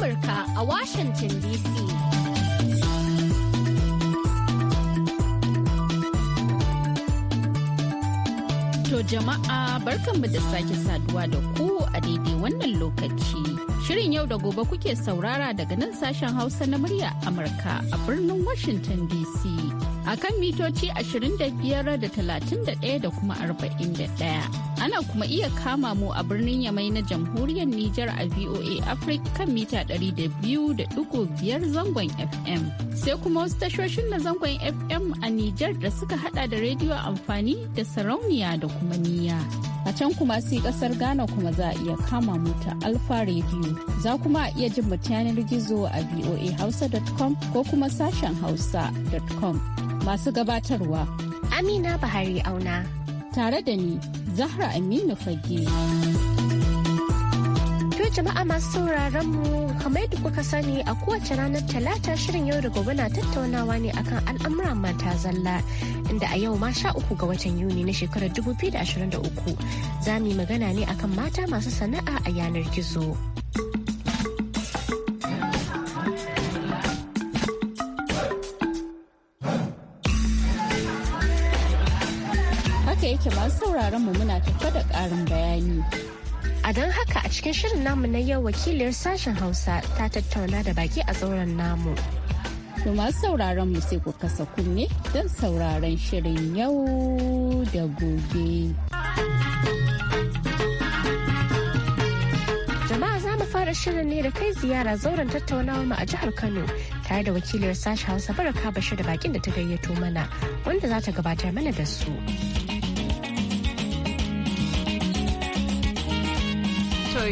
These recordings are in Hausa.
Amurka a Washington DC. To jama'a barkanmu da sake saduwa da ku a daidai wannan lokaci. Shirin yau da gobe kuke saurara daga nan sashen Hausa na murya Amurka a birnin Washington DC. Akan kan mitoci 25 da 31 da kuma 41. Ana kuma iya kama mu a birnin Yamai na jamhuriyar Nijar a VOA Africa kan mita da da biyu biyar zangon FM. Sai kuma wasu tashoshin na zangon FM a Nijar da suka hada da rediyo amfani da sarauniya da kuma niya. A can kuma sai kasar Ghana kuma za a iya kama mu ta Alfa Radio. Za kuma a iya jin mu yanar gizo a voahausa.com ko kuma sashen hausa.com. Masu gabatarwa. Amina Bahari Auna. tare da ni Zahra Aminu Fage. To jama'a masu sauraron mu kamar yadda kuka sani a kowace ranar talata shirin yau da gobe na tattaunawa ne akan al'amuran mata zalla inda a yau ma sha uku ga watan Yuni na shekarar 2023 za mu yi magana ne akan mata masu sana'a a yanar gizo. yake masu sauraron mu muna tafa da ƙarin bayani. A don haka a cikin shirin namu na yau wakiliyar sashen Hausa ta tattauna da baki a zauren namu. To masu sauraron mu sai ku kasa kunne don sauraron shirin yau da gobe. Jama'a za fara shirin ne da kai ziyara zauren tattaunawa mu a jihar Kano tare da wakiliyar sashen Hausa Baraka Bashir da bakin da ta gayyato mana wanda za ta gabatar mana da su.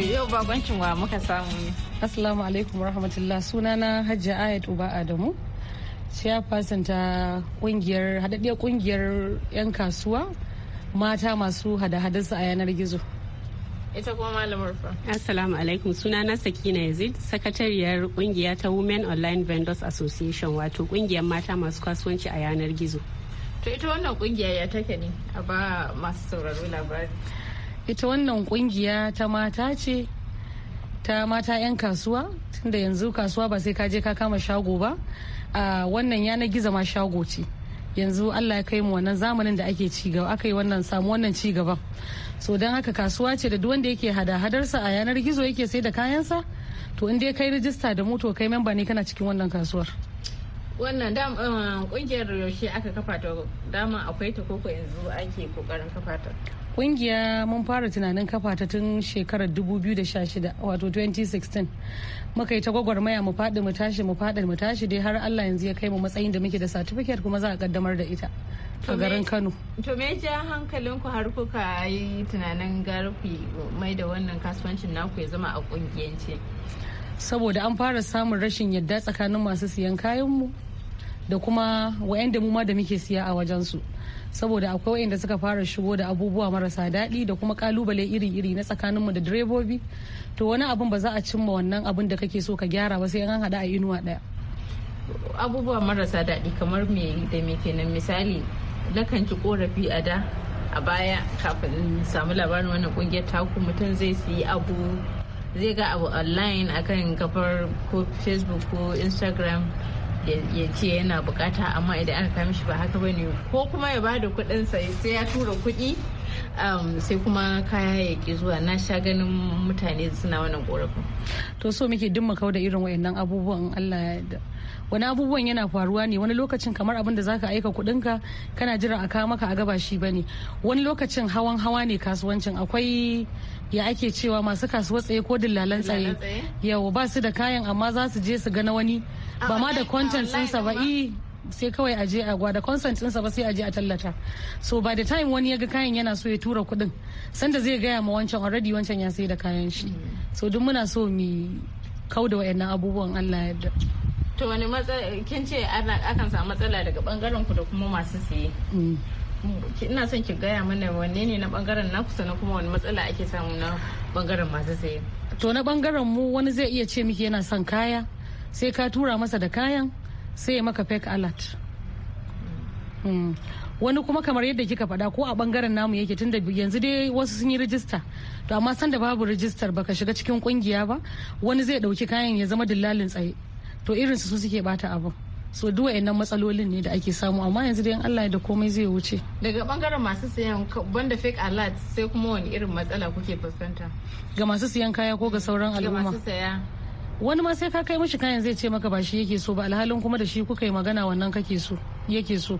yau bakoncin wa muka samu ne. Assalamu alaikum rahmatullah sunana Hajji Ayat Uba Adamu. Chairperson ta kungiyar hadaddiya kungiyar 'yan kasuwa mata masu hada-hadarsa a yanar gizo. ita kuma malamar fa. Assalamu alaikum suna na Sakina Yazid, sakatariyar kungiya ta Women Online Vendors Association wato kungiyar mata masu kasuwanci a yanar gizo. To ita wannan kungiya ya take ne a ba masu sauraro labari. ita wannan kungiya ta mata ce ta mata 'yan kasuwa tunda yanzu kasuwa ba sai ka je ka kama shago ba a wannan yanar gizo ma shago ce yanzu allah ya kai mu wannan zamanin da ake cigaba gaba aka yi wannan samu wannan cigaba so don haka kasuwa ce da duk wanda yake hada-hadarsa a yanar gizo yake sai da kayansa to in dai kai rijista da moto kai memba ne kana cikin wannan kasuwar wannan um, kungiyar yaushe aka kafa ta dama akwai ta koko yanzu ake kokarin kafa ta kungiya mun fara tunanin kafa ta tun shekarar 2016 wato 2016 muka yi ta gwagwarmaya mu faɗi mu tashi mu faɗi mu tashi dai har Allah yanzu ya kai mu matsayin da muke da certificate kuma za a kaddamar da ita a garin Kano. To me ja hankalin ku har kuka yi tunanin garfi mai da wannan kasuwancin naku ya zama a kungiyance? Saboda an fara samun rashin yadda tsakanin masu siyan kayan mu da kuma wa'anda mu ma da muke siya a wajen su. saboda akwai wayanda suka fara shigo da abubuwa marasa daɗi da kuma kalubale iri-iri na tsakaninmu da direbobi to wani abun ba za a cimma wannan abun da kake so ka gyara ba sai an haɗa a inuwa ɗaya abubuwa marasa daɗi kamar me da me kenan misali nakan ci korafi a da a baya kafin in samu labarin wannan kungiyar taku mutum zai siyi abu zai ga abu online akan kafar ko facebook ko instagram ya ce yana bukata amma idan aka kama shi ba haka ba ne ko kuma ya bada kudin sai ya tura kudi um, sai kuma kaya ya ki zuwa na sha ganin mutane suna wannan korafin to so muke dimma kau da irin wayannan abubuwan Allah ya wani abubuwan yana faruwa ne wani lokacin kamar abin da zaka aika kudinka kana jira a kawo maka a gaba shi bane wani lokacin hawan hawa ne kasuwancin akwai ya ake cewa masu kasuwa tsaye ko dillalan tsaye yau ba su da kayan amma za su je su gana wani ba ma da content ɗinsa ba eh, sai kawai a je a gwada kwantan ba sai a je a tallata so by the time wani ya ga kayan yana so ya tura kudin sanda zai gaya ma wancan already wancan ya sai da kayan shi mm. so duk muna so mu kau da wayannan abubuwan Allah yadda to wani kin ce akan samu matsala daga bangaren ku da kuma masu siye mm. Mm, ina son ki gaya mana wanne ne na bangaren naku na kuma wani matsala ake samu na bangaren masu saye to na bangaren mu wani zai iya ce miki yana son kaya sai ka tura masa da kayan sai ya maka fake alert mm. wani kuma kamar yadda kika faɗa ko a bangaren namu yake tunda yanzu dai wasu sun yi rijista to amma san da babu rijistar baka shiga cikin kungiya ba wani zai ɗauki kayan ya zama dillalin tsaye to irin su suke bata abu so duwa wayannan matsalolin ne da ake samu amma yanzu dai Allah da komai zai wuce daga bangaren masu siyan banda fake alert sai kuma wani irin matsala kuke fuskanta ga masu siyan kaya ko ga sauran al'umma ga masu saya wani ma sai ka kai mishi kayan zai ce maka ba shi yake so ba alhalin kuma da shi kuka yi magana wannan kake so yake so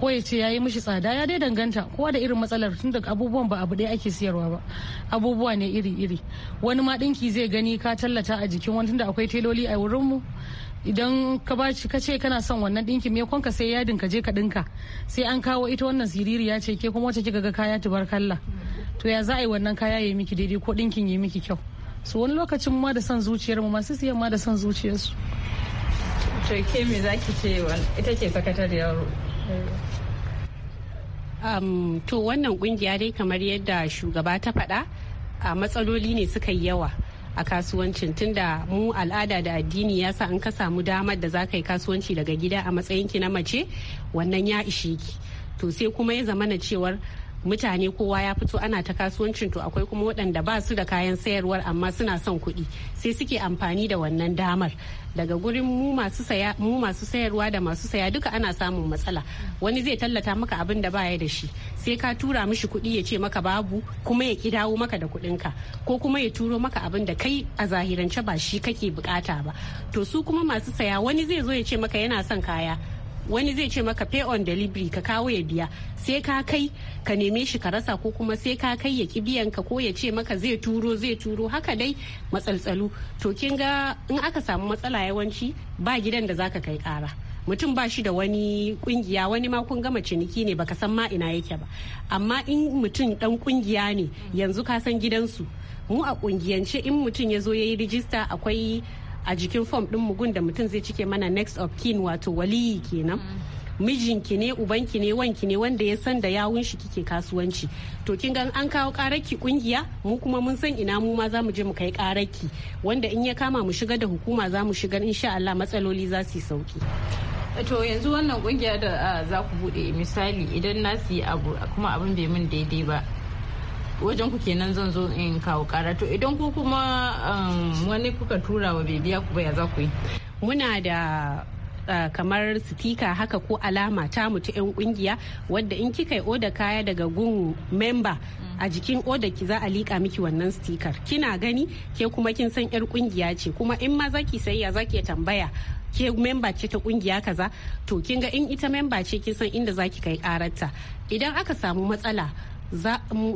ko ya ce yayi mishi tsada ya dai danganta kowa da irin matsalar tun daga abubuwan ba abu ɗaya ake siyarwa ba abubuwa ne iri iri wani ma ɗinki zai gani ka tallata a jikin wani tunda akwai teloli a wurin mu. idan ka ba ka ce kana son wannan ɗinki me ka sai yadin ka je ka ɗinka sai an kawo ita wannan siriri ya ce ke kuma wacce kika ga kaya kalla to ya za a yi wannan kaya ya yi miki daidai ko ɗinkin ya yi miki kyau su wani lokacin ma da son zuciyar mu masu siyan ma da son zuciyarsu to ke me ki ce ita ke sakatariyar um, to wannan kungiya dai kamar yadda shugaba ta faɗa a matsaloli ne suka yi yawa a kasuwancin tunda mu al'ada da addini ya sa an ka samu damar da za ka yi kasuwanci daga gida a matsayinki na mace wannan ya ishe ki to sai kuma ya zamana cewar mutane kowa ya fito ana ta kasuwancin to akwai kuma waɗanda ba su da kayan sayarwar amma suna son kuɗi sai suke amfani da wannan damar daga gurin mu masu sayarwa da masu saya duka ana samun matsala wani zai tallata maka abin da baya da shi sai ka tura mishi kuɗi ya ce maka babu kuma ya kidawo maka da ka ko kuma ya turo maka abin da kai a zahirance ba shi kake bukata ba to su kuma masu saya wani zai zo ya ce maka yana son kaya wani zai ce maka pay on delivery ka kawo ya biya sai ka kai ka neme shi ka rasa ko kuma sai ka kai ya ki biyan ka ko ya ce maka zai turo zai turo haka dai matsaltsalu to kin ga in aka samu matsala yawanci ba gidan da zaka kai kara mutum ba shi da wani kungiya wani ma kun gama ciniki ne baka san ma ina yake ba amma in mutum dan kungiya ne yanzu ka san gidansu mu a kungiyance in mutum ya zo ya yi rijista akwai a jikin fom din mugun da mutum zai cike mana next of kin wato waliyi kenan mm. mijinki ne ubanki ne wanki ne wanda ya san da yawun shi kike kasuwanci to kin gan an kawo karaki kungiya mu kuma mun san ina mu ma zamu je mu kai karaki wanda in ya kama mu shiga da hukuma zamu shiga insha Allah matsaloli za su yi sauki to yanzu wannan kungiya da ah, za ku bude misali idan na su abu kuma abin bai mun daidai ba wajen ku kenan zan zo in kawo kara to idan ku kuma um, wani kuka tura wa bibiya ku ya za ku yi muna da uh, kamar sitika haka ko alama ta mutu 'yan kungiya wadda in kika yi oda kaya daga gun memba a mm. jikin oda ki za a liƙa miki wannan sitikar kina gani ke kuma kin san 'yar kungiya ce kuma in ma zaki sayya zaki tambaya ke memba ce ta kungiya kaza to kin ga in ita memba ce kin san inda zaki kai karatta idan aka samu matsala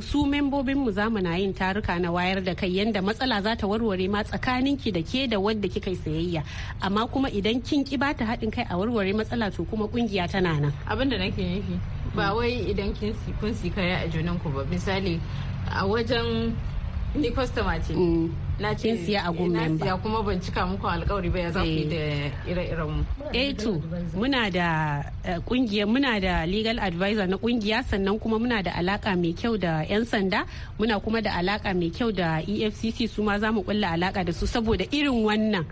su membobinmu za mu na yin taruka na wayar da kai yadda matsala za ta warware ma tsakanin ki da ke da wadda kika yi sayayya amma kuma idan kin ki ba ta haɗin kai a warware matsala to kuma kungiya tana nan abin da nake nufi ba wai idan kin kun si kaya a junan ku ba misali a wajen ni kwastama ce mm. na ce siya a gun ba kuma ban cika muku alkawari ba ya za ku da eh. ire-iren mu A eh to muna da kungiyar eh, muna da legal advisor na kungiya sannan kuma muna da alaka mai kyau da yan sanda muna kuma da alaka mai kyau da EFCC su ma za mu kulla alaka da su saboda irin wannan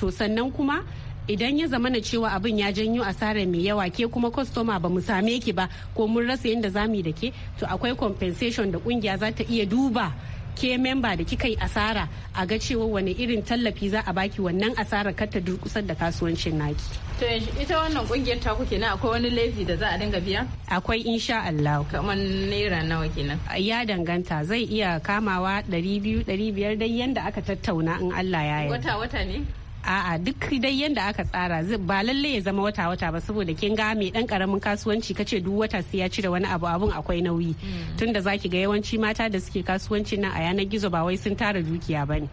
to sannan kuma idan ya zamana cewa abin ya janyo asara mai yawa ke kuma kwastoma ba mu same ki ba ko mun rasa yadda zamu da ke to akwai compensation da kungiya za ta iya duba ke memba da kika yi asara a ga cewa wani irin tallafi za a baki wannan asarar kar ta durkusar da kasuwancin naki. To ita wannan kungiyar ta kuke na akwai wani laifi da za a dinga biya? Akwai insha Allah. Kamar naira nawa kenan? Ya danganta zai iya kamawa ɗari biyu ɗari biyar dai yanda aka tattauna in Allah ya yi. Wata wata ne? a'a duk dai yanda aka tsara ba lalle ya zama wata wata ba saboda kin ga mai dan karamin kasuwanci kace duk wata sai ya cire wani abu abun akwai nauyi hmm. tunda zaki ga yawanci mata da suke kasuwanci nan a yanar gizo ba wai sun tara dukiya bane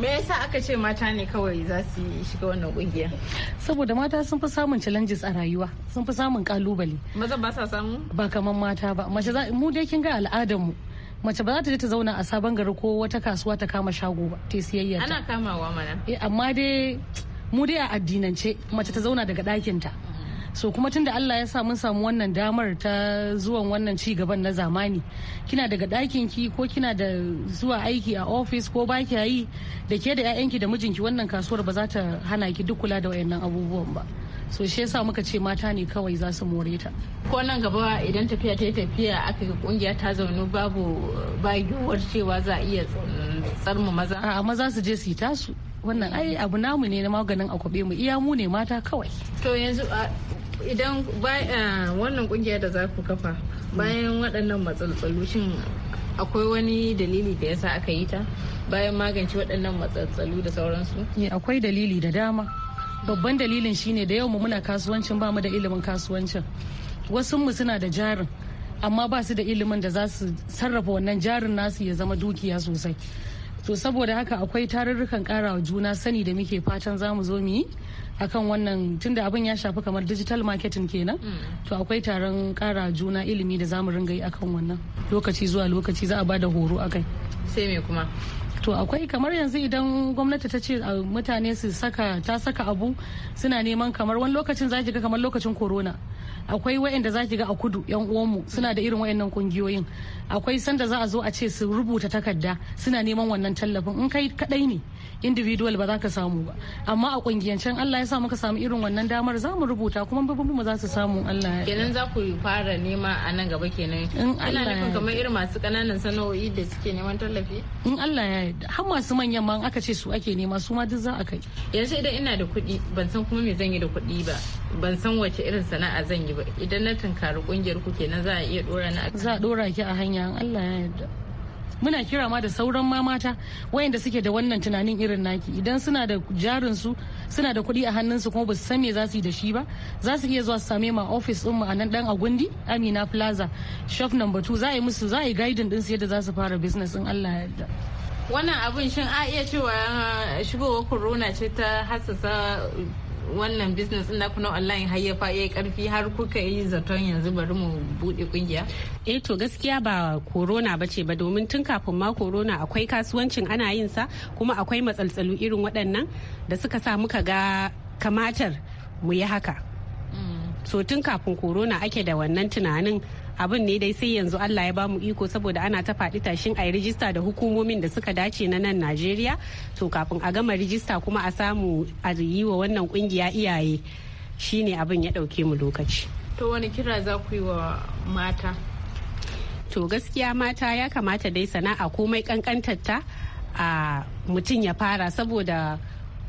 me yasa aka ce mata ne kawai za su shiga wannan kungiya saboda mata sun fi samun challenges a rayuwa sun fi samun kalubale maza ba sa samu ba kaman mata ba mace za mu dai kin ga al'adar mu mace ba za ta je ta zauna a sabon gari ko wata kasuwa ta kama shago ba ta siyayya ana kamawa mana eh, amma dai mu dai a addinance mace ta zauna daga ɗakinta ta so kuma tunda Allah ya sa mun samu wannan damar ta zuwan wannan ci gaban na zamani kina daga dakin ki ko kina da zuwa aiki a office ko ba ki yi da ke da 'ya'yanki da mijinki wannan kasuwar ba za ta hana ki duk kula da wayannan abubuwan ba so shi yasa muka ce mata ne kawai za su more ta ko nan gaba idan tafiya ta yi tafiya aka ga kungiya ta zaune babu ba yiwuwar cewa za a iya tsarmu maza a maza su je su tasu wannan ai abu namu ne na maganin akwabe mu iya mu ne mata kawai to yanzu idan eh, wannan kungiyar da za ku kafa bayan waɗannan matsaltsalu shin akwai wani dalili da yasa aka yi ta bayan magance waɗannan matsaltsalu da sauransu eh, akwai dalili da dama babban dalilin shine da yau muna kasuwancin ba mu da ilimin kasuwancin wasu mu suna da jarin amma ba su da ilimin da za su sarrafa wannan jarin nasu ya zama dukiya sosai to saboda haka akwai tarurrukan karawa juna sani da muke fatan zamu zo mu yi akan wannan tunda abin ya shafi kamar digital marketing kenan to akwai taron kara juna ilimi da zamu ringa yi akan wannan lokaci zuwa lokaci za a bada horo akai sai me kuma to akwai kamar yanzu idan gwamnati ta ce uh, mutane su saka ta saka abu suna neman kamar wani lokacin za ga kamar lokacin corona akwai wa'anda za ki ga a kudu yan uwanmu suna da irin wa'annan kungiyoyin akwai sanda za a zo a ce su rubuta takarda suna neman wannan tallafin in kai kadai ne individual ba za ka samu ba amma a kungiyancen Allah ya sa muka samu irin wannan damar za mu rubuta kuma mu za su samu Allah ya kenan za ku fara nema a nan gaba kenan in Allah ya kamar irin masu kananan sana'o'i da suke neman tallafi in Allah ya yarda har masu manyan ma aka ce su ake nema su ma duk za a kai yanzu idan ina da kuɗi ban san kuma me zan yi da kuɗi ba ban san wace irin sana'a zan yi ba idan na tunkari kungiyar ku kenan za a iya dora na za a dora ki a hanya in Allah ya yarda muna kira ma da sauran ma mata wayanda suke da wannan tunanin irin naki idan suna da jarin su suna da kuɗi a hannunsu kuma ba su san me za su yi da shi ba za su iya zuwa su same ma office din mu a nan dan agundi Amina Plaza shop number 2 za a yi musu za a yi guiding din su yadda za su fara business in Allah ya yarda wannan abun shin a iya cewa shigowar corona ce ta hassasa wannan business na kuna online har ya yi karfi har kuka yi zaton yanzu bari mu bude kungiya? Eh to gaskiya ba corona ba ce ba domin tun kafin ma corona akwai kasuwancin ana yin sa kuma akwai matsaltsalu irin waɗannan da suka sa muka ga kamatar mu yi haka. Mm. So tun kafin corona ake da wannan tunanin abin ne dai sai yanzu Allah ya ba mu iko saboda ana ta faɗi tashin a rijista da hukumomin da suka dace na nan Najeriya to kafin a gama rijista kuma a samu a yi wa wannan kungiya iyaye shine abin ya ɗauke mu lokaci. To wani kira za ku yi wa mata? To gaskiya mata ya kamata dai sana'a komai ta a mutum ya fara saboda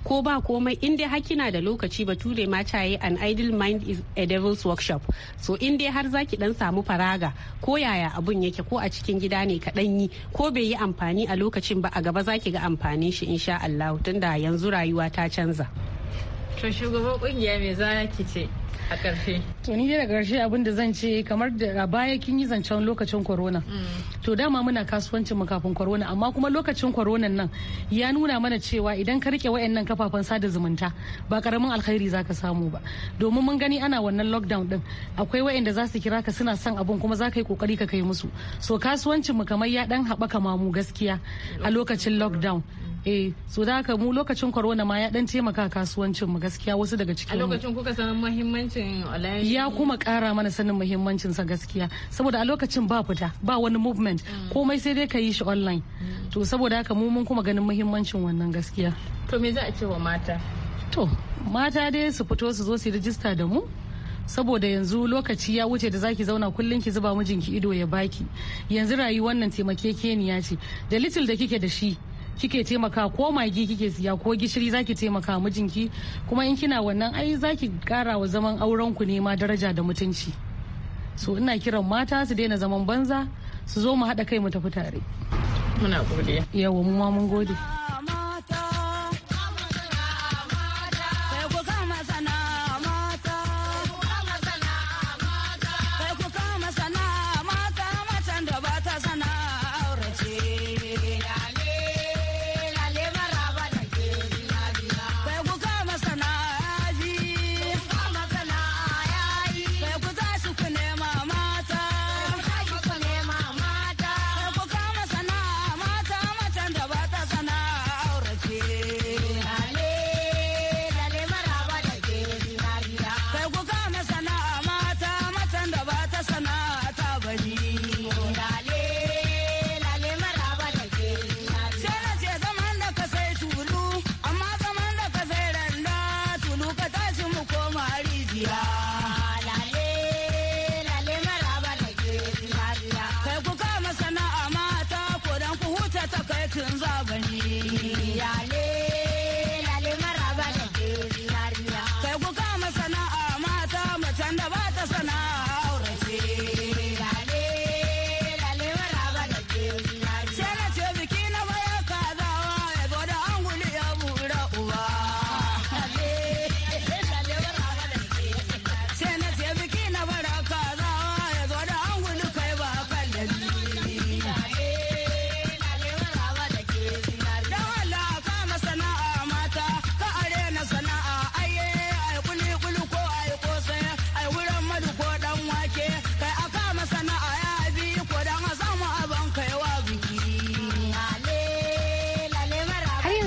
ko ba komai in dai har kina da lokaci bature ma ta yi an idle mind is a devil's workshop so in dai har zaki dan samu faraga ko yaya abun yake ko a cikin gida ne kaɗan yi ko bai yi amfani a lokacin ba a gaba zaki ga amfanin shi insha Allah tunda yanzu rayuwa ta canza to shugaban kungiya me za ki ce a ƙarshe. To ni dai da ƙarshe abin da zan ce kamar da a baya kin yi zancen lokacin corona. Mm. To dama muna kasuwancin mu kafin corona amma kuma lokacin corona nan ya nuna mana cewa idan ka rike wayannan kafafen sada zumunta ba karamin alkhairi zaka samu ba. Domin mun gani ana wannan lockdown din akwai wayanda za su kira ka suna son abun kuma za ka yi kokari ka kai musu. So kasuwancin mu kamar ya dan haɓaka mamu gaskiya a lokacin lockdown. eh so da haka mu lokacin corona ma ya dan taimaka kasuwancin mu gaskiya wasu daga cikin a lokacin kuka san muhimmancin online ya kuma kara mana sanin muhimmancin sa gaskiya saboda a lokacin ba fita ba wani movement mm. komai sai dai ka yi shi online mm. to saboda haka mu mun kuma ganin muhimmancin wannan gaskiya to me za a ce wa mata to mata dai su fito su zo su rijista da mu saboda yanzu lokaci ya wuce da zaki zauna kullum ki zuba mijinki ido ya baki yanzu rayuwar nan taimakekeniya ce da little da kike da shi kike taimaka ko magi kike siya ko gishiri zaki taimaka mijinki kuma in kina wannan ai zaki kara wa zaman auren ku ne ma daraja da mutunci so ina kiran mata su daina zaman banza su zo mu haɗa kai mu tafi tare muna gode yawa mu ma mun gode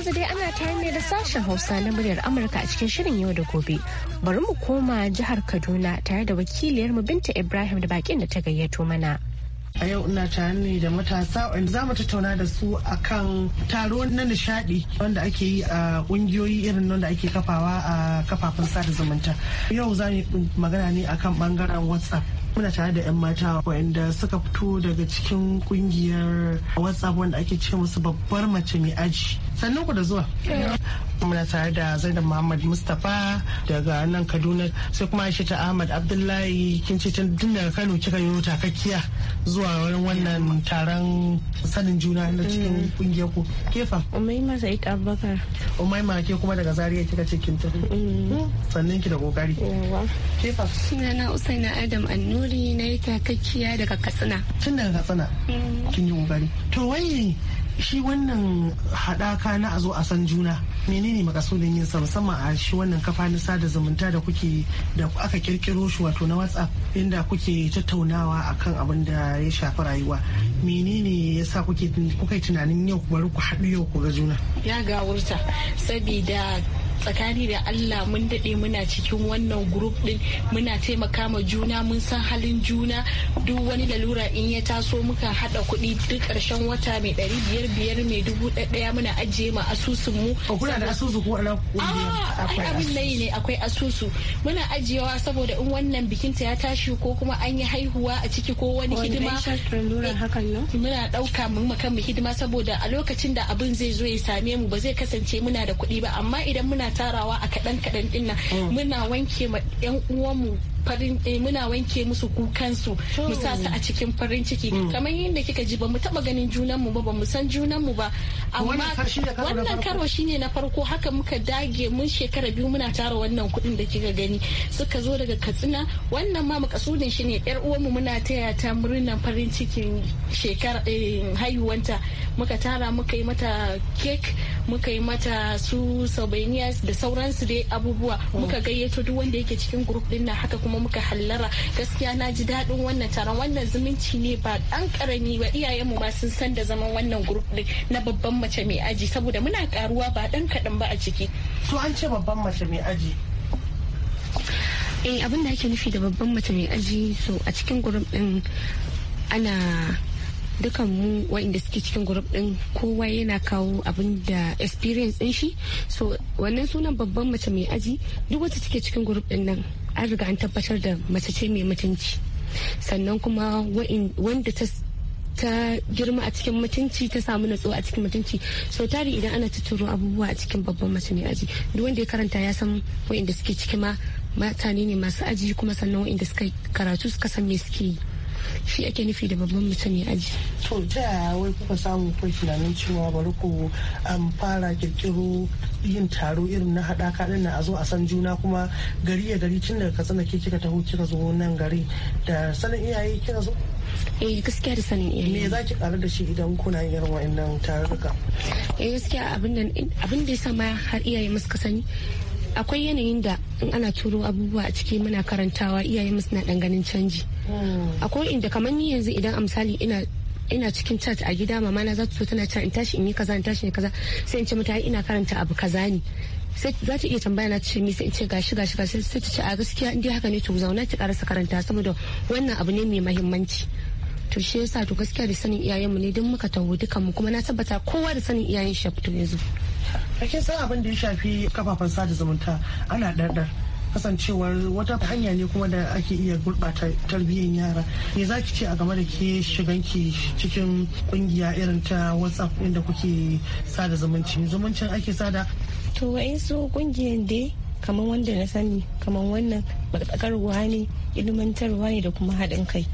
yanzu dai ana ta ne da sashen Hausa na muryar Amurka a cikin shirin yau da gobe. Bari mu koma jihar Kaduna tare da wakiliyar mu Binta Ibrahim da bakin da ta gayyato mana. A yau ina tare da matasa wanda za mu tattauna da su akan taro na nishadi wanda ake yi a kungiyoyi irin nan ake kafawa a kafafen sada zumunta. Yau za mu magana ne akan bangaren WhatsApp. muna tare da 'yan mata wanda suka fito daga cikin kungiyar whatsapp wanda ake ce musu babbar mace mai aji sannan ku da zuwa muna tare da zainab muhammad mustapha daga nan kaduna sai kuma aisha ta ahmad abdullahi kin ce tun daga kano kika yi takakkiya zuwa wurin wannan taron sanin juna na cikin mm. kungiyar ku kefa umaima sa'id abubakar ma ke kuma daga zaria kika ce kin tafi mm. hmm, sannan ki da kokari kefa sunana usaina adam annuri na yi takakkiya daga katsina tun daga katsina mm. kin yi kokari to wai shi wannan haɗaka na a zo a san juna menene makasudin yin sa musamman a shi wannan kafa na sada zumunta da kuke da aka kirkiro shi wato na whatsapp inda kuke tattaunawa akan abin da ya shafi rayuwa menene ya sa kuke tunanin yau bari ku haɗu yau ku ga juna ya wurta sabida tsakani da Allah mun daɗe muna cikin wannan group ɗin muna taimaka ma juna mun san halin juna duk wani lalura in ya taso muka haɗa kuɗi duk ƙarshen wata mai ɗari biyar biyar mai dubu ɗaya muna ajiye ma asusun mu. da asusu ko na ah, akwai abin nayi ne akwai asusu muna ajiyewa saboda in wannan bikin ta ya tashi ko kuma an yi haihuwa a ciki ko wani hidima eh, muna dauka mun kan mu hidima saboda a lokacin da abin zai zo ya same mu ba zai kasance muna da kuɗi ba amma idan muna tarawa a kaɗan kaɗan ɗin nan mm. muna wanke ma 'yan uwanmu farin eh, muna wanke musu kukansu mu sa su a cikin farin ciki hmm. kamar yadda kika ji ba mu taba ganin junan mu ba ba mu san junan mu ba amma wannan karo shine na farko haka muka dage mun shekara biyu muna tara wannan kuɗin da kika gani suka zo daga Katsina wannan ma makasudin shine yar uwan mu muna taya ta murnan farin cikin shekara eh, haihuwanta muka tara muka yi mata kek muka yi mata su souvenirs da sauransu dai abubuwa oh. muka gayyato duk wanda yake cikin group din nan haka kuma muka hallara gaskiya na ji daɗin wannan taron wannan zumunci ne ba ɗan ƙarami ba iyayenmu ma sun san da zaman wannan gurup ɗin na babban mace mai aji saboda muna ƙaruwa ba ɗan kaɗan ba a ciki. to an ce babban mace mai aji eh abin da ake nufi da babban mace mai aji so a cikin gurup ɗin ana dukan mu waɗanda suke cikin group din kowa yana kawo abin da experience din shi so wannan sunan babban mace mai aji duk wacce take cikin group din nan an riga an tabbatar da mace ce mai mutunci sannan kuma wanda ta ta girma a cikin mutunci ta samu natsuwa a cikin mutunci so tari idan ana tuturo abubuwa a cikin babban mace mai aji duk wanda ya karanta ya san wa'inda suke cikin ma mata ne masu aji kuma sannan wa'inda suka karatu suka san me suke yi shi ake nufi da babban mutum ya aji. To ta wai kuka samu kai tunanin cewa bari ku an um, fara kirkiro yin taro irin na haɗaka ɗin na a zo a san juna kuma gari ya gari tun daga katsina ke kika taho kika zo nan gari da sanin iyaye kika zo. eh gaskiya da sanin iyaye. me za ki karu da shi idan kuna yin irin wa'annan tarurruka eh gaskiya abin da ya sama har iyaye musu sani akwai yanayin da in ana turo abubuwa a ciki muna karantawa iyayen mu suna dan ganin canji hmm. akwai inda kamar ni yanzu idan a misali ina ina cikin chat a gida mama na za ta tana cewa in tashi in yi kaza in tashi in kaza sai in ce mata ina karanta abu kaza ne sai za ta iya tambaya na ce mi sai in ce gashi gashi gashi sai ta ce a gaskiya in dai haka ne to zauna ki karasa karanta saboda wannan abu ne mai mahimmanci to shi yasa to gaskiya da sanin iyayen mu ne don muka taho dukan mu kuma na tabbata kowa da sanin iyayen shi ya fito yanzu kin san abin da ya shafi kafafen sada zumunta ana ɗarɗar kasancewar wata hanya ne kuma da ake iya gurɓata tarbiyyar yara me za ki ce a game da ke shiganki cikin kungiya irin ta whatsapp inda kuke sada zumunci zumuncin ake sada to wa'insu kungiyar dai kamar wanda na sani kamar wannan matsakarwa ne ilmantarwa ne da kuma haɗin kai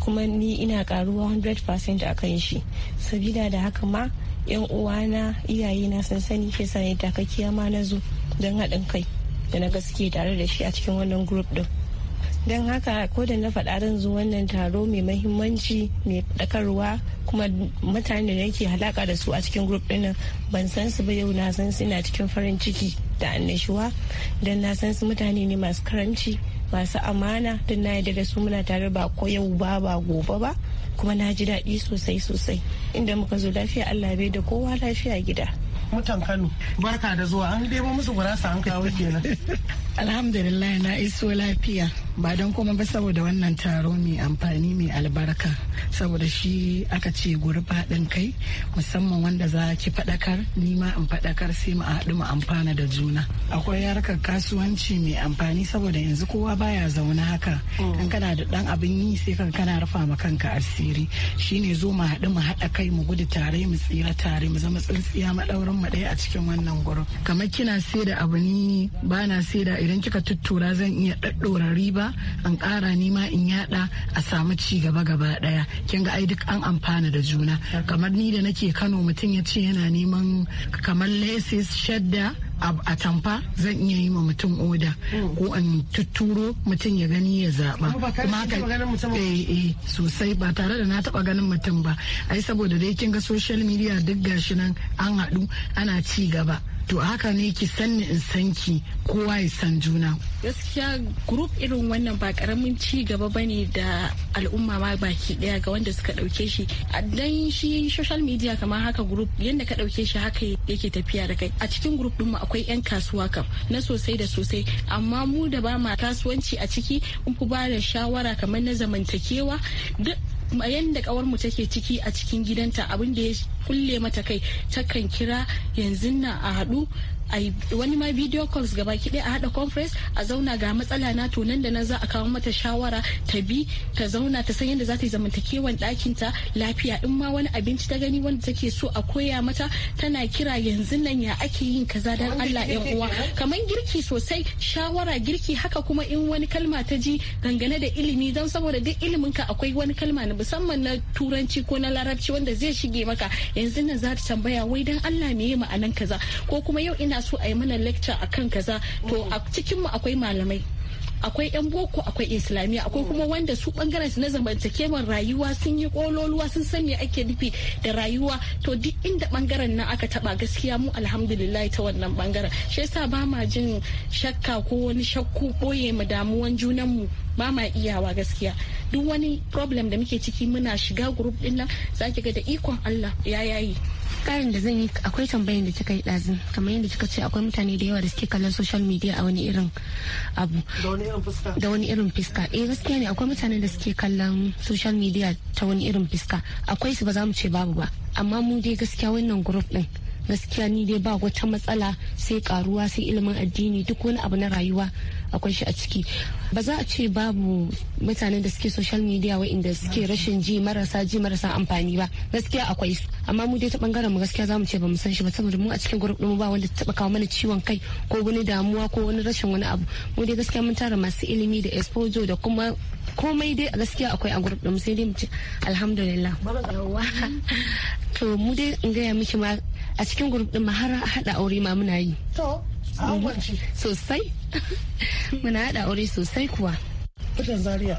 kuma ni ina karuwa 100% a kan shi sabida da haka ma yan uwana na sun sani shi sani takakiya ma na zo don haɗin kai da na gaske tare da shi a cikin wannan group din don haka ko da na faɗa zan zo wannan taro mai mahimmanci mai ɗakarwa kuma mutane da nake halaka da su a cikin group ɗin ban san su ba yau na san su na cikin farin ciki da annashuwa don na san su mutane ne masu karanci masu amana don na yarda da su muna tare ba ko yau ba ba gobe ba kuma na ji daɗi sosai sosai inda muka zo lafiya allah bai da kowa lafiya gida mutan kano barka da zuwa an debo musu gurasa an kawo kenan alhamdulillah na iso lafiya ba don kuma ba saboda wannan taro mai amfani mai albarka saboda shi aka ce gurba faɗin kai musamman wanda za ki faɗakar nima in faɗakar sai mu haɗu mu amfana da juna akwai harkar kasuwanci mai amfani saboda yanzu kowa baya zaune haka mm. in kana da ɗan abin yi sai kan kana rufa ma kanka asiri shine zo mu haɗu mu haɗa kai mu gudu tare mu tsira tare mu zama tsintsiya maɗaurin mu ɗaya a cikin wannan gurin kamar kina sai da abu ni ba na sai da idan kika tuttura zan iya ɗaɗɗora riba an ƙara nima in yada a samu ci gaba gaba ɗaya kin ga ai duk an amfana da juna kamar ni da nake Kano mutum ya ce yana neman kamar laces shadda a tamfa zan iya yi ma mutum oda hmm. ko an tutturo mutum ya gani ya zaɓa kuma ka eh, eh sosai ba tare da na taɓa ganin mutum ba ai saboda dai kin ga social media duk gashi nan an haɗu ana ci gaba to haka ne ki sanni in san ki kowa ya san juna gaskiya group irin wannan ba karamin ci gaba bane da al'umma ma baki daya ga wanda suka dauke shi dan shi social media kamar haka group yanda ka dauke shi haka yake tafiya da kai a cikin group din mu akwai yan kasuwa kam na sosai da sosai amma mu da ba ma kasuwanci a ciki mun fi ba da shawara kamar na zamantakewa duk yadda kawar mu take ciki a cikin gidanta abin da ya kulle mata kai takan kira yanzu na a haɗu wani ma video calls gaba kiɗe a haɗa conference a zauna ga matsala na tunan da na za a kawo mata shawara ta bi ta zauna ta san yadda za ta yi zamantakewan ɗakin lafiya in ma wani abinci ta gani wanda take so a koya mata tana kira yanzu nan ya ake yin kaza dan Allah ya uwa kamar girki sosai shawara girki haka kuma in wani kalma ta ji dangane da ilimi don saboda duk ilimin ka akwai wani kalma na musamman na turanci ko na larabci wanda zai shige maka yanzu nan za ta tambaya wai dan Allah me ma'anan kaza ko kuma yau ina muna so a yi mana lecture akan kaza to a cikinmu akwai malamai akwai 'yan boko akwai islamiyya akwai kuma wanda su bangaren su na zamantakewar rayuwa sun yi kololuwa sun san me ake nufi da rayuwa to duk inda bangaren nan aka taba gaskiya mu alhamdulillah ta wannan bangaren shi yasa ba ma jin shakka ko wani shakku boye mu damuwan junan mu ba ma iyawa gaskiya duk wani problem da muke ciki muna shiga group din nan zaki ga da ikon Allah ya yayi karin da zan yi akwai tambayan da kika yi dazin kamar yadda kika ce akwai mutane da yawa da suke kallon social media a wani irin abu da wani irin fiska eh gaskiya ne akwai mutane da suke kallon social media ta wani irin fiska akwai su ba za mu ce babu ba amma mu dai gaskiya wannan group din gaskiya ni dai ba wata matsala sai karuwa sai ilimin addini duk wani abu na rayuwa akwai shi a ciki ba za a ce babu mutanen da suke social media waɗanda suke rashin ji marasa ji marasa amfani ba gaskiya akwai su amma mu dai ta bangaren mu gaskiya zamu ce ba mu san shi ba saboda mu a cikin gurup mu ba wanda taba kawo mana ciwon kai ko wani damuwa ko wani rashin wani abu mu dai gaskiya mun tara masu ilimi da exposure da kuma komai dai gaskiya akwai a gurup mu sai dai mu ce alhamdulillah to mu dai in gaya miki ma a cikin gurup din ma har haɗa aure ma muna yi to sosai muna haɗa aure sosai kuwa kudin zaria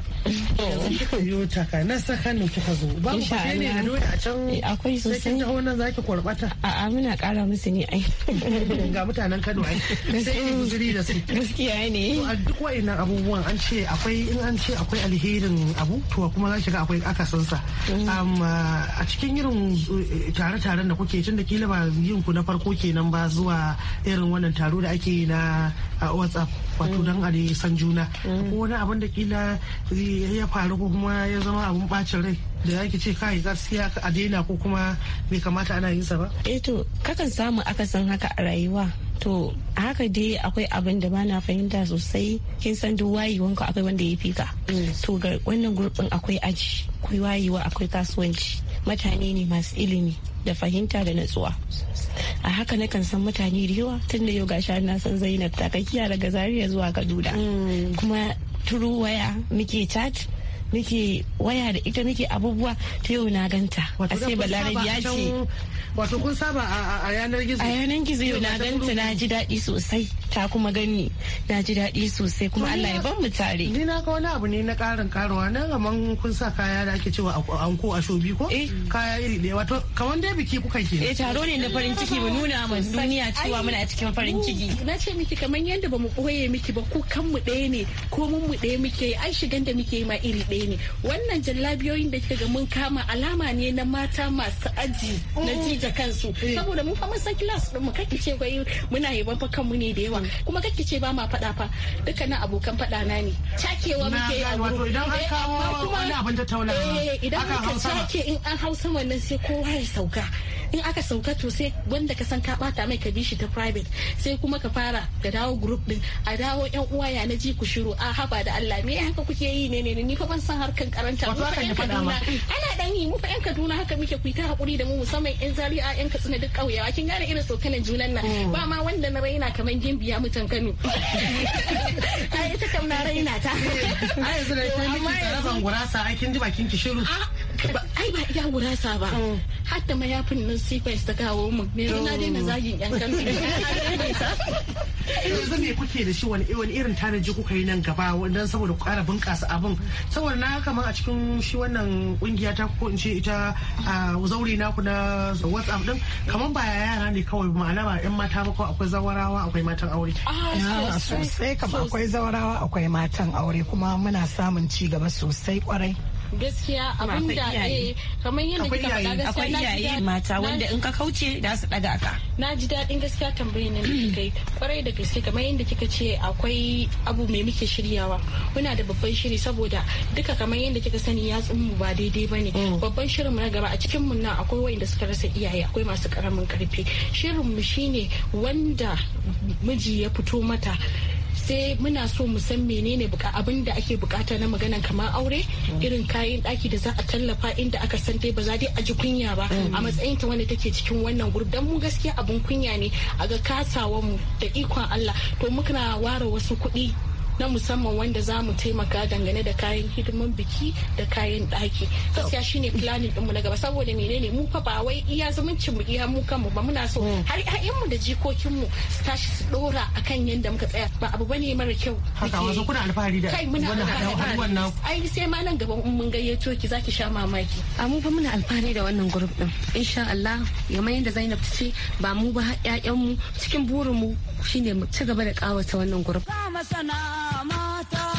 yanzu kika taka na saka ne kuka zo mu ba ne a doya a can eh, akwai sosai sai kin wannan za ki korbata a'a muna kara musu ne ai ga mutanen Kano ai sai in guzuri da su gaskiya ne a duk wa'annan abubuwan an ce akwai in an ce akwai alherin abu to kuma za shiga akwai akasin sa mm. a cikin irin eh, tare-taren da kuke tun da kila ba yin ku na farko kenan ba zuwa irin wannan taro da ake na WhatsApp wato mm. don a san juna mm. ko wani abin da kila kila ya faru ko kuma ya zama abun bacin rai da zaki ce kai gaskiya a daina ko kuma bai kamata ana yin sa ba eh to kakan samu akasin haka a rayuwa to haka dai akwai abin da bana fahimta sosai kin san duk ka akwai wanda ya fi ka mm. to ga wannan gurbin akwai aji akwai wayewa akwai kasuwanci mutane ne masu ilimi da fahimta da natsuwa a haka na kan san mutane da yawa tun yau gashi na san zainab takakkiya daga zaria zuwa kaduna mm. kuma turu waya muke chat nake waya da ita nake abubuwa ta yau na ganta a sai balarabi ya ce wato kun saba a yanar gizo a yanar gizo yau na ganta na ji daɗi sosai ta kuma gani na ji daɗi sosai kuma Allah ya ban mu tare ni na ka wani abu ne na ƙarin karuwa na kaman kun sa kaya da ake cewa anko a shobi ko eh. kaya iri ɗaya wato kamar dai biki kuka ke eh taro ne na farin ciki mu nuna ma duniya cewa muna cikin farin ciki na ce miki kaman yadda bamu koye miki ba ku kan mu ɗaya ne ko mun mu ɗaya muke ai shigan da muke yi ma iri ɗaya ne wannan jallabiyoyin da kika ga mun kama alama ne na mata masu aji na oh. jija kansu eh. saboda mun fa mun san kilas ɗin mu kake ce kwai muna yaban fa kanmu ne da yawa fa kuma kake ce ba ma faɗa fa dukkanin abokan faɗa na ne cakewa muke yi a wato idan an eh, kawo wani abin tattaunawa eh, idan muka cake in an hausa wannan sai kowa ya sauka in aka sauka to sai wanda ka san ka bata mai ka bi shi ta private sai kuma ka fara ka dawo group din a dawo yan uwa ya na ji ku shiru a haba da Allah me haka kuke yi ne ne ni fa ban san harkan karanta haka fa faɗa ma ana dan yi mu fa yan Kaduna haka muke ku ta hakuri da mu musamman yan Zaria yan Katsina duk kauyawa kin gane irin sokanan junan nan mm. ba ma wanda na raina kaman gimbi ya mutan Kano. Ai ita kam na raina ta. Ai yanzu da ke miki tsaraban gurasa ai kin ji bakin ki shiru. Ah, ai ba iya wurasa ba mm. hatta mayafin nan sequence ta kawo mu ne mm. na daina zagin yan kan yanzu me kuke da shi wani irin tanaji kuka yi nan gaba don saboda kara bunkasa abin saboda na kamar a cikin shi wannan kungiya ta ko in ce ita zaure naku na whatsapp din kamar ba yara ne kawai ma'ana ba yan mata ba akwai zawarawa akwai matan aure ah, ah, sosai kamar akwai zawarawa akwai matan aure kuma muna samun ci gaba sosai kwarai gaskiya abin da eh, kamar yadda kika faɗa gaskiya na iyaye mata wanda in ka kauce da su daga ka na ji daɗin gaskiya tambayin nan da kai kwarai da gaske kamar yadda kika ce akwai abu mai muke shiryawa muna da babban shiri saboda duka kamar yadda kika sani ya mu ba daidai ba ne mm. babban shirin mu na gaba a cikin mu nan akwai wanda suka rasa iyaye akwai masu karamin karfi shirin mu shine wanda miji ya fito mata sai muna so mu san menene abin da ake bukata na magana kamar aure irin kayan daki da za a tallafa inda aka san dai ba za dai a ji kunya ba a mm. matsayin ta wanda take cikin wannan gurb dan mu gaskiya abin kunya ne a ga kasawan mu da ikon Allah to muka ware wasu kuɗi na musamman wanda za mu taimaka dangane da kayan hidiman biki da kayan ɗaki gaskiya shine planning ɗinmu na gaba saboda menene mu fa ba wai iya zumuncin mu iya mu kanmu ba muna so hmm. har mu da jikokinmu su tashi su ɗora akan yanda muka tsaya ba abu bane mara kyau haka wasu kuna alfahari da kai muna alfahari ai sai ma nan gaba mun gayyato ki zaki sha mamaki a mu fa muna alfahari da wannan group din insha Allah kamar yadda Zainab ta ce ba mu ba mu cikin burin mu shine mu ci gaba da kawata wannan group mata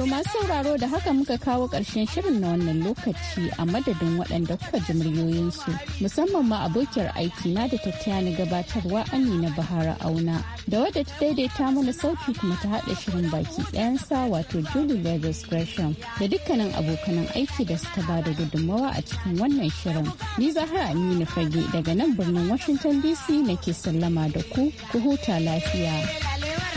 To masu sauraro da haka muka kawo ƙarshen shirin na wannan lokaci a madadin waɗanda kuka ji muryoyinsu musamman ma abokiyar aiki na da ni gabatarwa Amina Bahara Auna da wadda ta daidaita mana sauki kuma ta haɗa shirin baki ɗayansa wato Julie Lagos Gresham da dukkanin abokanan aiki da suka ba da gudunmawa a cikin wannan shirin. Ni Zahra Aminu Fage daga nan birnin Washington DC nake sallama da ku ku huta lafiya.